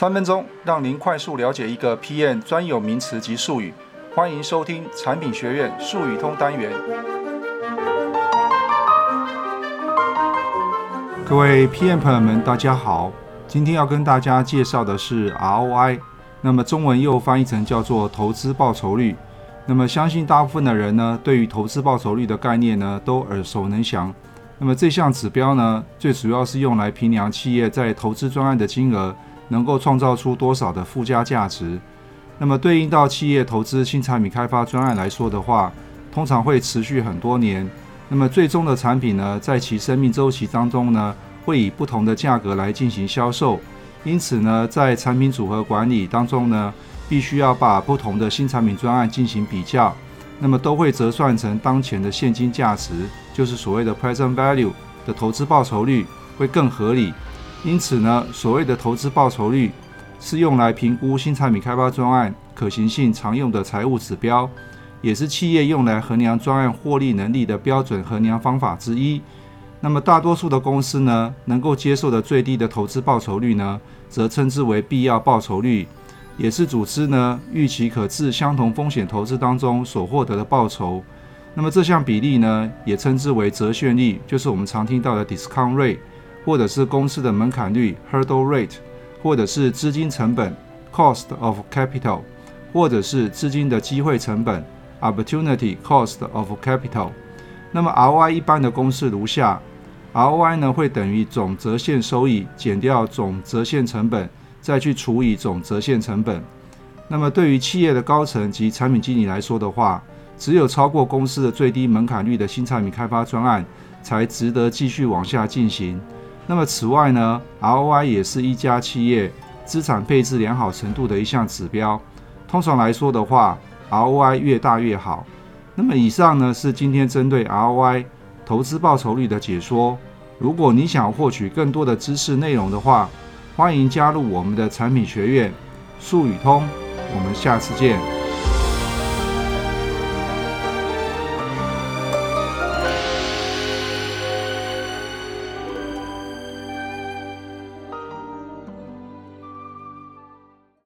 三分鐘讓您快速了解一個 PM 專有名詞及術語。歡迎收聽產品學院術語通單元。各位 PM 朋友們，大家好！今天要跟大家介紹的是 ROI，那麼中文又翻譯成叫做投資報酬率。那麼相信大部分的人呢，對於投資報酬率的概念呢，都耳熟能詳。那麼這項指標呢，最主要是用來評量企業在投資專案的金額。能夠創造出多少的附加價值。那麼對應到企業投資新產品開發專案來說的話，通常會持續很多年。那麼最終的產品呢，在其生命週期當中呢，會以不同的價格來進行銷售。因此呢，在產品組合管理當中呢，必須要把不同的新產品專案進行比較。那麼都會折算成當前的現金價值，就是所謂的 Present Value 的投資報酬率會更合理。因此呢，所謂的投資報酬率是用來評估新產品開發專案可行性常用的財務指標，也是企業用來衡量專案獲利能力的標準衡量方法之一。那麼大多數的公司呢，能夠接受的最低的投資報酬率呢，則稱之為必要報酬率，也是組織呢預期可自相同風險投資當中所獲得的報酬。那麼這項比例呢，也稱之為折現率，就是我們常聽到的 discount rate。或者是公司的門檻率 (hurdle rate)，或者是資金成本 (cost of capital)，或者是資金的機會成本 (opportunity cost of capital)。那麼 ROI 一般的公式如下：ROI 呢會等於總折現收益減掉總折現成本，再去除以總折現成本。那麼對於企業的高層及產品經理來說的話，只有超過公司的最低門檻率的新產品開發專案，才值得繼續往下進行。那麼此外呢，ROI 也是一家企業資產配置良好程度的一項指標。通常來說的話，ROI 越大越好。那麼以上呢是今天針對 ROI 投資報酬率的解說。如果你想獲取更多的知識內容的話，歡迎加入我們的產品學院術語通。我們下次見。